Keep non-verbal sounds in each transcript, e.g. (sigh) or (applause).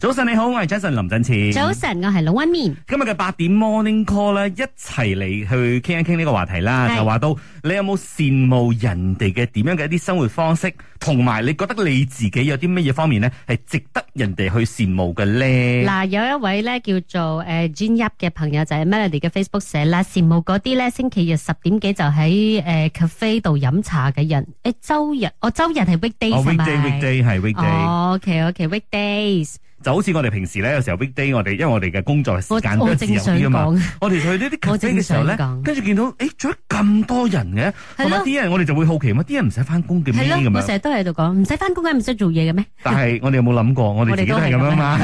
早晨你好，我係 Jason 林振前。早晨，我係老温面。今日嘅八點 Morning Call 咧，一齊嚟去傾一傾呢個話題啦。就話到，你有冇羨慕人哋嘅點樣嘅一啲生活方式，同埋你覺得你自己有啲乜嘢方面咧，係值得人哋去羨慕嘅咧？嗱，有一位咧叫做誒 Gene Yap 嘅朋友就係 Melody 嘅 Facebook 寫啦，羨慕嗰啲咧星期日十點幾就喺誒 cafe 度飲茶嘅人誒，周日我周日係 weekday，係 weekday，係 weekday。OK，OK，weekdays。就好似我哋平時咧，有時候 weekday 我哋，因為我哋嘅工作時間都係自由啲啊嘛，我哋去呢啲咖啡嘅時候咧，跟住見到誒，仲有咁多人嘅，咁啲人我哋就會好奇嘛，啲人唔使翻工嘅咩？我成日都喺度講，唔使翻工嘅唔使做嘢嘅咩？但係我哋有冇諗過，我哋自己都係咁樣啊嘛？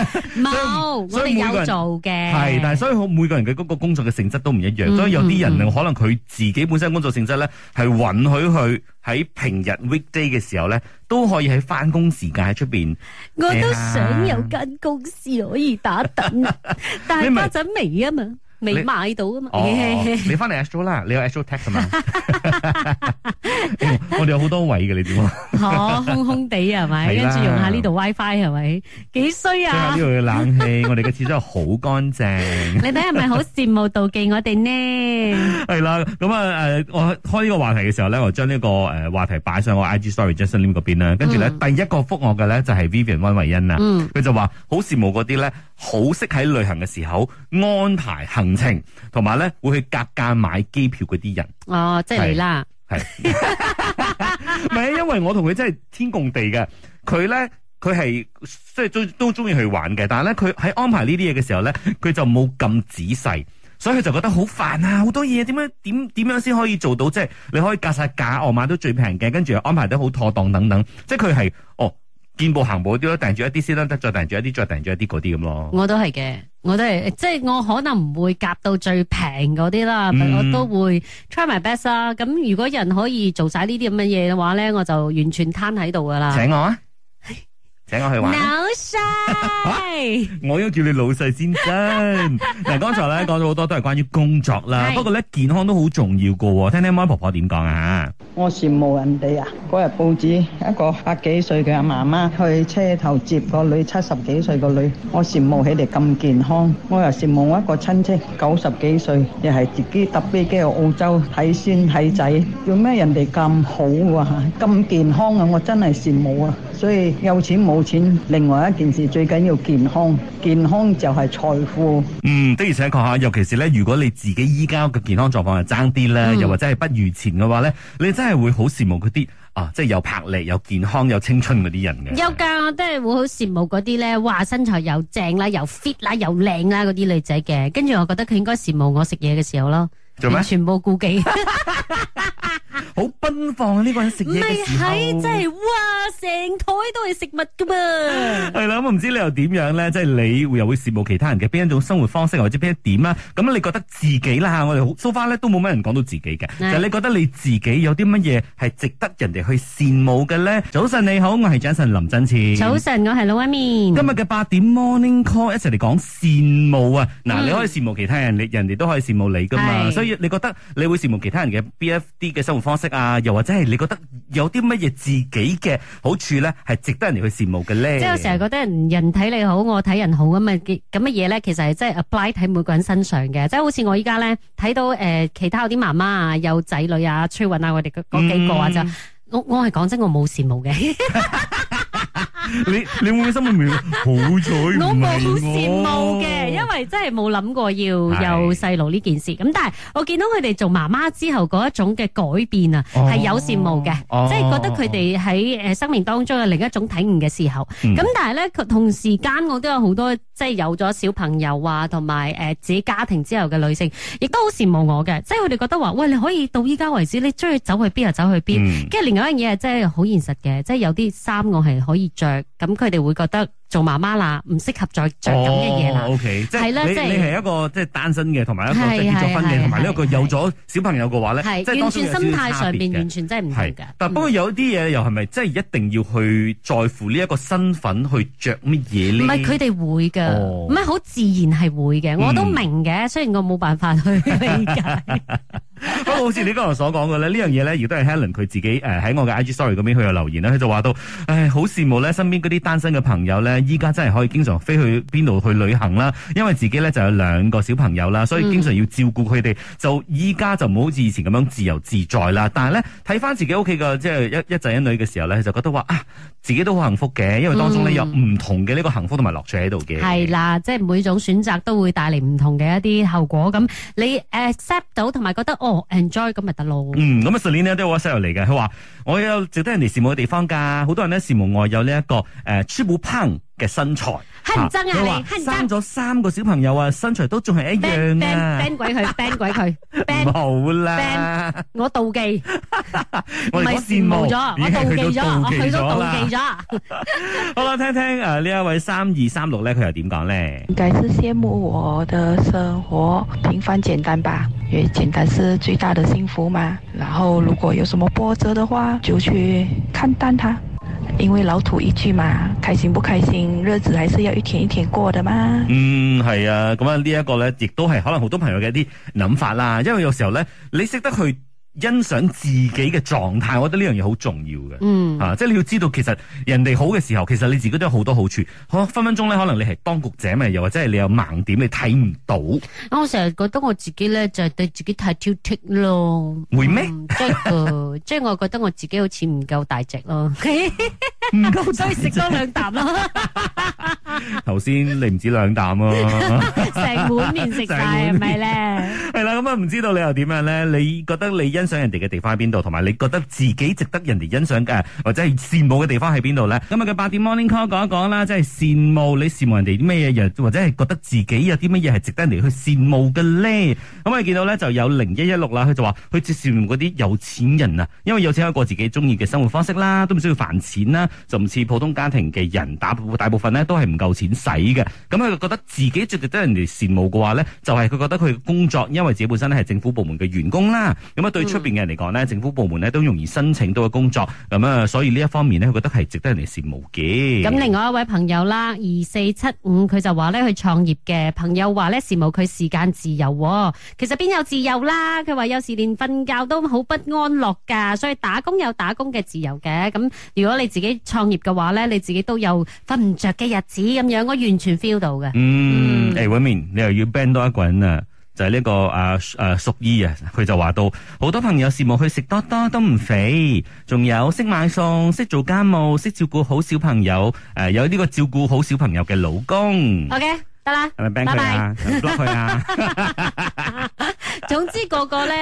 冇，所以每個人做嘅係，但係所以每個人嘅嗰個工作嘅性質都唔一樣，所以有啲人可能佢自己本身工作性質咧係允許佢。喺平日 weekday 嘅時候咧，都可以喺翻工時間喺出邊。我都想有間公司可以打等，啊， (laughs) 但係巴陣味啊嘛。未買到啊嘛！哦、 (laughs) 你翻嚟 Astro 啦，你有 Astro Tech 係嘛？我哋有好多位嘅，你點、 (laughs) 哦、啦啊？好空空地係咪？跟住用下呢度 WiFi 係咪？幾衰啊！呢度嘅冷氣，我哋嘅廁所好乾淨。你睇係咪好羨慕妒忌我哋呢？係 (laughs) 啦，咁啊誒，我開呢個話題嘅時候咧，我將呢個誒話題擺上我 IG story Justin Lim 嗰邊啦。跟住咧，嗯、第一個覆我嘅咧就係、是、Vivian 溫慧欣啊，佢、嗯、就話好羨慕嗰啲咧。好識喺旅行嘅時候安排行程，同埋咧會去格價買機票嗰啲人哦，即係啦，係，唔係 (laughs) 因為我同佢真係天共地嘅，佢咧佢係即係都都中意去玩嘅，但係咧佢喺安排呢啲嘢嘅時候咧，佢就冇咁仔細，所以佢就覺得好煩啊，好多嘢點樣點點樣先可以做到，即係你可以格晒價，我買到最平嘅，跟住又安排得好妥當等等，即係佢係哦。見步行步啲咯，定住一啲先啦，得再定住一啲，再定住一啲，嗰啲咁咯。我都係嘅，我都係，即係我可能唔會夾到最平嗰啲啦，嗯、我都會 try my best 啦。咁如果人可以做晒呢啲咁嘅嘢嘅話咧，我就完全攤喺度噶啦。請我啊！老細，我應該叫你老細先生。嗱，剛才咧講咗好多都係關於工作啦，不過咧健康都好重要噶。聽聽媽婆婆點講啊？我羨慕人哋啊！嗰日報紙一個百幾歲嘅阿媽媽去車頭接個女，七十幾歲個女，我羨慕起嚟咁健康。我又羨慕我一個親戚九十幾歲，又係自己搭飛機去澳洲睇孫睇仔，做咩人哋咁好啊？咁健康啊！我真係羨慕啊！所以有錢冇錢，另外一件事最緊要健康。健康就係財富。嗯，的而且確下，尤其是咧，如果你自己依家嘅健康狀況係差啲啦，嗯、又或者係不如前嘅話咧，你真係會好羨慕嗰啲啊，即係有魄力、有健康、有青春嗰啲人嘅。有噶，即係我會好羨慕嗰啲咧，哇身材又正啦，又 fit 啦，又靚啦嗰啲女仔嘅。跟住我覺得佢應該羨慕我食嘢嘅時候咯。做咩？全部顧忌。 (laughs) 好 (laughs) 奔放啊，呢、這個人食嘢嘅時候，係真係哇！成台都係食物噶嘛。係啦， (laughs) 咁我唔知你又點樣咧？即係你又會，會羨慕其他人嘅邊一種生活方式，或者邊一點啊？咁你覺得自己啦吓，我哋好 so far 咧都冇乜人講到自己嘅。就係，你覺得你自己有啲乜嘢係值得人哋去羨慕嘅咧？早晨你好，我係 Jansen 林振前。早晨，我係老 Amy。今日嘅八點 morning call，一齊嚟講羨慕啊！嗱、嗯，你可以羨慕其他人，你人哋都可以羨慕你噶嘛。是所以你覺得你會羨慕其他人嘅 B F D 嘅生活？方式啊，又或者係你覺得有啲乜嘢自己嘅好處咧，係值得人哋去羨慕嘅咧？即係我成日覺得人人睇你好，我睇人好咁咪咁嘅嘢咧？其實係即係 apply 喺每個人身上嘅，即係好似我依家咧睇到誒、呃、其他有啲媽媽啊，有仔女啊，崔雲啊，我哋嗰幾個啊，嗯、就我我係講真，我冇羨慕嘅。 (laughs) 你你會心裏面好彩，我冇羨慕嘅，因為真係冇諗過要有細路呢件事。咁但係我見到佢哋做媽媽之後嗰一種嘅改變啊，係有羨慕嘅，即係覺得佢哋喺誒生命當中嘅另一種體驗嘅時候。咁但係咧，同時間我都有好多即係有咗小朋友啊，同埋誒自己家庭之後嘅女性，亦都好羨慕我嘅，即係佢哋覺得話喂，你可以到依家為止，你中意走去邊就走去邊。跟住另外一樣嘢係真係好現實嘅，即係有啲衫我係可以着。咁佢哋會覺得做媽媽啦，唔適合再着咁嘅嘢啦。係啦，即係你係一個即係單身嘅，同埋一個結咗婚嘅，同埋一個有咗小朋友嘅話咧，係完全心態上邊完全真係唔同嘅。但不過有啲嘢又係咪真係一定要去在乎呢一個身份去着乜嘢呢？唔係佢哋會噶，唔係好自然係會嘅，我都明嘅。雖然我冇辦法去理解。 (laughs) 好似你剛才所講嘅咧，呢樣嘢呢亦都係 Helen 佢自己誒喺、呃、我嘅 IG Sorry 嗰邊佢有留言咧，佢就話到，唉，好羨慕咧身邊嗰啲單身嘅朋友呢依家真係可以經常飛去邊度去旅行啦，因為自己呢就有兩個小朋友啦，所以經常要照顧佢哋，嗯、就依家就冇好似以前咁樣自由自在啦。但係呢，睇翻自己屋企嘅即係一一仔一女嘅時候咧，就覺得話啊，自己都好幸福嘅，因為當中呢、嗯、有唔同嘅呢個幸福同埋樂趣喺度嘅。係啦，即係每種選擇都會帶嚟唔同嘅一啲後果。咁你誒 accept 到同埋覺得哦。enjoy 咁咪得咯。嗯，咁啊上年咧都有個 WhatsApp 嚟嘅，佢話我有值得人哋羨慕嘅地方噶，好多人咧羨慕我有呢、這、一個誒 triple p 珠寶烹。呃嘅身材，生咗三個小朋友啊，身材都仲係一樣啊！band band 鬼佢，band 好啦！band 我妒忌，唔係羨慕咗，已經妒忌咗，妒忌咗。好啦，聽聽誒呢一位三二三六咧，佢又點講咧？應該是羨慕我的生活平凡簡單吧，因為簡單是最大的幸福嘛。然後如果有什麼波折的話，就去看淡它。因為老土一句嘛，開心不開心，日子還是要一天一天過的嘛。嗯，係啊，咁啊呢一個咧，亦都係可能好多朋友嘅一啲諗法啦。因為有時候咧，你識得去。欣賞自己嘅狀態，我覺得呢樣嘢好重要嘅。嗯，啊，即係你要知道，其實人哋好嘅時候，其實你自己都有好多好處。好分分鐘咧，可能你係當局者咪，又或者係你有盲點，你睇唔到。我成日覺得我自己咧，就係、是、對自己太挑剔咯。會咩嗎？即係即係， (laughs) 我覺得我自己好似唔夠大隻咯。 (laughs) 唔夠，所以食多兩啖咯。頭先你唔止兩啖咯，成碗麵食晒係咪咧？係、嗯、啦，咁啊唔知道你又點樣咧？你覺得你欣賞人哋嘅地方喺邊度？同埋，你覺得自己值得人哋欣賞嘅，或者係羨慕嘅地方喺邊度咧？今日嘅八點 morning call 講一講啦，即係羨慕你羨慕人哋啲咩嘢？又或者係覺得自己有啲乜嘢係值得人哋去羨慕嘅咧？咁、嗯、啊見到咧就有零一一六啦，佢就話佢最羨慕嗰啲有錢人啊，因為有錢有一個自己中意嘅生活方式啦，都唔需要煩錢啦。就唔似普通家庭嘅人，大大部分呢都係唔夠錢使嘅。咁佢覺得自己最值得人哋羨慕嘅話呢，就係、是、佢覺得佢工作，因為自己本身咧係政府部門嘅員工啦。咁啊，對出邊嘅人嚟講呢，政府部門呢都容易申請到嘅工作。咁啊，所以呢一方面呢，佢覺得係值得人哋羨慕嘅。咁另外一位朋友啦，二四七五，佢就話呢去創業嘅朋友話呢羨慕佢時間自由，哦。其實邊有自由啦、啊？佢話有時連瞓覺都好不安樂㗎，所以打工有打工嘅自由嘅。咁如果你自己，創業嘅話咧，你自己都有瞓唔着嘅日子咁樣，我完全 feel 到嘅。嗯，誒，偉明，你又要 ban 多一個人啊？就係呢個啊啊淑姨啊，佢就話到好多朋友羨慕佢食多多都唔肥，仲有識買餸、識做家務、識照顧好小朋友誒，有呢個照顧好小朋友嘅老公。OK，得啦，係咪 ban 佢啊？唔得佢啊！總之個個咧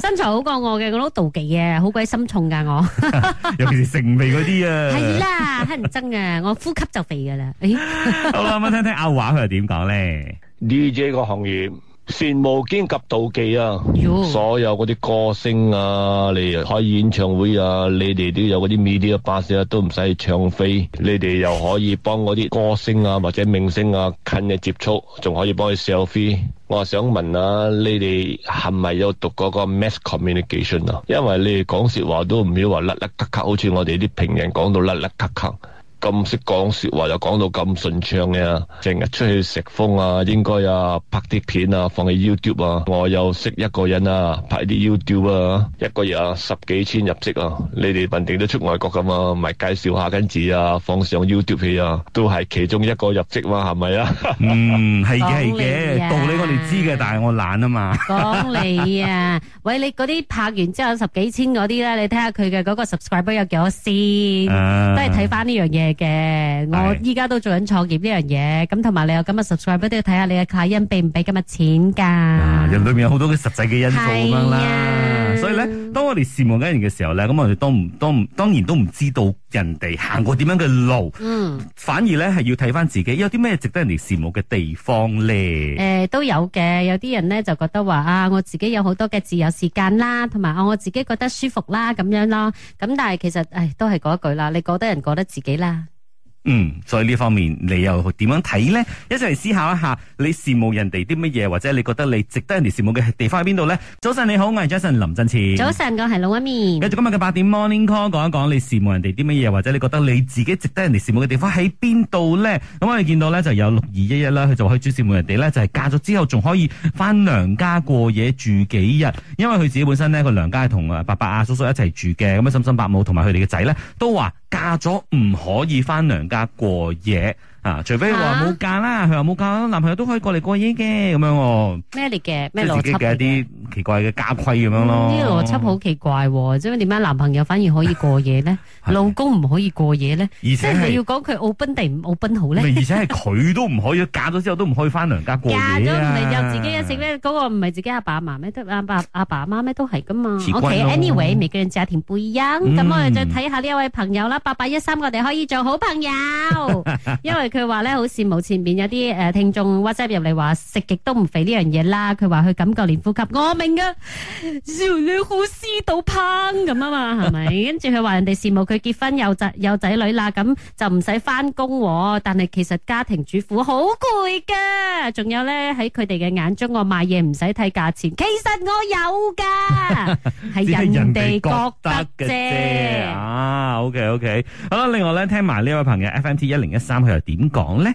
身材好過我嘅，我都妒忌嘅，啊，好鬼心重噶我。 (laughs) (laughs) (laughs) 尤其是肥嗰啲啊，係 (laughs) 啦 (laughs) (laughs) (laughs) (laughs) 乞人憎啊？我呼吸就肥噶啦。誒，我聽聽阿華佢點講咧？DJ 個行業羨慕兼及妒忌啊！呦所有嗰啲歌星啊，你開演唱會啊，你哋都有嗰啲 media 巴士啊，都唔使去唱飛，你哋又可以幫嗰啲歌星啊或者明星啊近日接觸，仲可以幫佢 selfie。我想問啊，你哋係咪有讀嗰個 mass communication 啊？因為你哋講説話都唔要話甩甩咳咳，好似我哋啲平人講到甩甩咳咳。褪褪褪褪咁識講說話又講到咁順暢嘅，成日出去食風啊，應該啊拍啲片啊放喺 YouTube 啊，我又識一個人啊拍啲 YouTube 啊，一個月啊十幾千入職啊，你哋穩定都出外國㗎嘛，咪介紹下跟住啊，放上 YouTube 去啊，都係其中一個入職嘛，係咪啊？ (laughs) 嗯，係嘅係嘅，道理我哋知嘅，但係我懶啊嘛。講 (laughs) 你啊，喂，你嗰啲拍完之後十幾千嗰啲咧，你睇下佢嘅嗰個 subscriber 有幾多先，啊，都係睇翻呢樣嘢。嘅，我依家都做緊創業呢樣嘢，咁同埋你又今日 subscribe 都要睇下你嘅卡因俾唔俾今日錢噶，啊，人裏面有好多嘅實際嘅因素、 (laughs) 啊、咁樣啦。所以咧，當我哋羨慕緊人嘅時候咧，咁我哋都唔都唔當然都唔知道人哋行過點樣嘅路，嗯，嗯，反而咧係要睇翻自己，有啲咩值得人哋羨慕嘅地方咧？誒、呃，都有嘅，有啲人咧就覺得話啊，我自己有好多嘅自由時間啦，同埋我自己覺得舒服啦，咁樣咯。咁但係其實誒，都係嗰一句啦，你過得人過得自己啦。嗯，所以呢方面你又點樣睇咧？一齊嚟思考一下，你羨慕人哋啲乜嘢，或者你覺得你值得人哋羨慕嘅地方喺邊度咧？早晨你好，我係 Jason 林振前。早晨，我係老 Amy。繼續今日嘅八點 Morning Call，講一講你羨慕人哋啲乜嘢，或者你覺得你自己值得人哋羨慕嘅地方喺邊度咧？咁我哋見到咧就有六二一一啦，佢就話、就是、可以最羨慕人哋咧，就係嫁咗之後仲可以翻娘家過夜住幾日，因為佢自己本身咧個娘家係同阿伯伯阿、啊、叔叔一齊住嘅，咁啊嬸嬸伯母同埋佢哋嘅仔咧都話嫁咗唔可以翻娘家。家過夜啊，除非佢話冇嫁啦，佢話冇嫁，男朋友都可以過嚟過夜嘅，咁樣哦。咩嚟嘅？即係自己嘅一啲。奇怪嘅家規咁樣咯，呢個邏輯好奇怪喎！即係點解男朋友反而可以過夜呢？老公唔可以過夜呢？即係要講佢奧奔定唔奧奔好咧？而且係佢都唔可以，嫁咗之後都唔可以翻娘家過夜，嫁咗唔係又自己一食咩？嗰個唔係自己阿爸阿媽咩？得阿爸阿爸阿媽咩？都係噶嘛？奇怪。Anyway，未夠人接聽背音，咁我哋再睇下呢一位朋友啦，八八一三，我哋可以做好朋友，因為佢話咧，好羨慕前面有啲誒聽眾 WhatsApp 入嚟話食極都唔肥呢樣嘢啦。佢話佢感覺連呼吸我。嘅，少女好思到烹咁啊嘛，係咪？跟住佢話人哋羨慕佢結婚有仔有仔女啦，咁就唔使翻工。但係其實家庭主婦好攰噶。仲有咧喺佢哋嘅眼中，我買嘢唔使睇價錢，其實我有噶，係人哋覺得嘅啫。啊，OK OK，好啦，另外咧聽埋呢位朋友 FMT 一零一三佢又點講咧？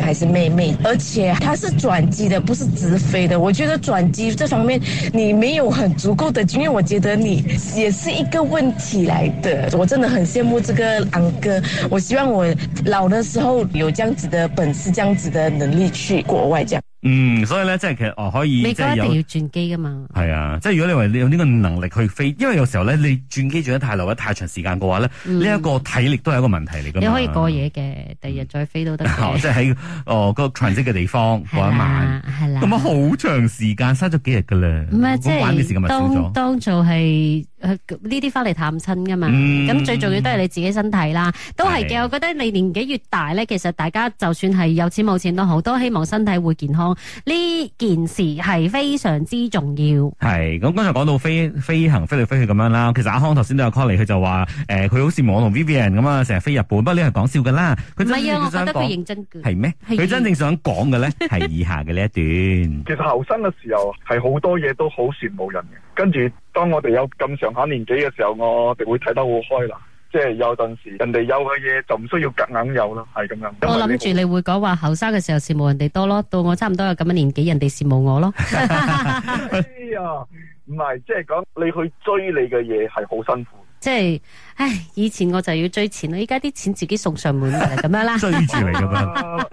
還是妹妹，而且他是轉機的，不是直飛的。我覺得轉機這方面你沒有很足夠的經驗，我覺得你也是一個問題來的。我真的很羨慕這個昂哥，我希望我老的時候有這樣子的本事，這樣子的能力去國外這樣。嗯，所以咧，即係其實哦，可以即係要轉機噶嘛。係啊，即係如果你話你有呢個能力去飛，因為有時候咧你轉機轉得太耐或者太長時間嘅話咧，呢一、嗯、個體力都係一個問題嚟噶。你可以過夜嘅，第二日再飛都得、 (laughs) 哦、即係喺哦、那個 transit 嘅地方 (laughs) 過一晚，係啦。咁啊好長時間，嘥咗幾日噶啦。咁是玩嘅時間咪少咗。當當做係。呢啲翻嚟探親噶嘛？咁、嗯、最重要都係你自己身體啦，都係嘅。的我覺得你年紀越大咧，其實大家就算係有錢冇錢都好，都希望身體會健康。呢件事係非常之重要。係咁，剛才講到飛飛行飛嚟飛去咁樣啦，其實阿康頭先都有 call 嚟，佢就話誒，佢好羨慕我同 Vivian 咁啊，成日飛日本。不過你係講笑噶啦，唔係啊，我覺得佢認真嘅係咩？佢真正想講嘅咧係以下嘅呢一段。 (laughs) 其實後生嘅時候係好多嘢都好羨慕人嘅。跟住，當我哋有咁上下年紀嘅時候，我哋會睇得好開啦。即係有陣時，人哋有嘅嘢就唔需要夾硬有啦，係咁樣。我諗住你會講話後生嘅時候羨慕人哋多咯，到我差唔多有咁嘅年紀，人哋羨慕我咯。 (laughs) (laughs) 哎呀，唔係，即係講你去追你嘅嘢係好辛苦。即係，唉！以前我就要追錢啦，依家啲錢自己送上門嚟，咁 (laughs) 樣啦， (laughs) 追住嚟咁樣。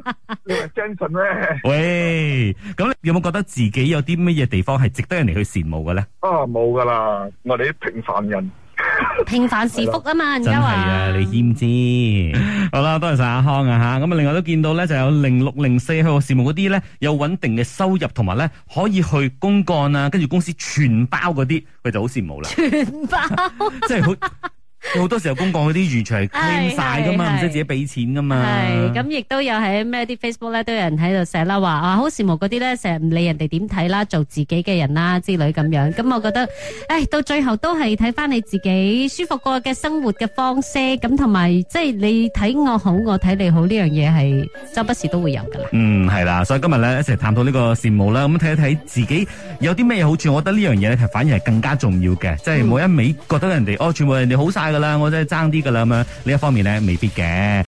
你話相信咩？喂，咁你有冇覺得自己有啲乜嘢地方係值得人哋去羨慕嘅咧？啊、哦，冇噶啦，我哋啲平凡人。平凡是福啊嘛，而家話真係啊， (laughs) 你謙謙知 (laughs) 好啦，多謝晒阿康啊吓，咁啊另外都見到咧，就有零六零四去羨慕嗰啲咧，有穩定嘅收入同埋咧，可以去公幹啊，跟住公司全包嗰啲，佢就好羨慕啦，全包 (laughs) (laughs) 即係好很。 (laughs) 好多時候公幹嗰啲餘場傾晒噶嘛，唔使自己俾錢噶嘛。係咁，亦都有喺咩啲 Facebook 咧，都有人喺度寫啦，話啊好羨慕嗰啲咧，成日唔理人哋點睇啦，做自己嘅人啦之類咁樣。咁我覺得，唉，到最後都係睇翻你自己舒服過嘅生活嘅方式。咁同埋即係你睇我好，我睇你好呢樣嘢係周不時都會有噶啦。嗯，係啦，所以今日咧一齊探討呢個羨慕啦。咁睇一睇自己有啲咩好處，我覺得呢樣嘢咧係反而係更加重要嘅。即係每一味覺得人哋哦，全部人哋好晒。我真係爭啲噶啦，咁樣，呢一方面咧，未必嘅。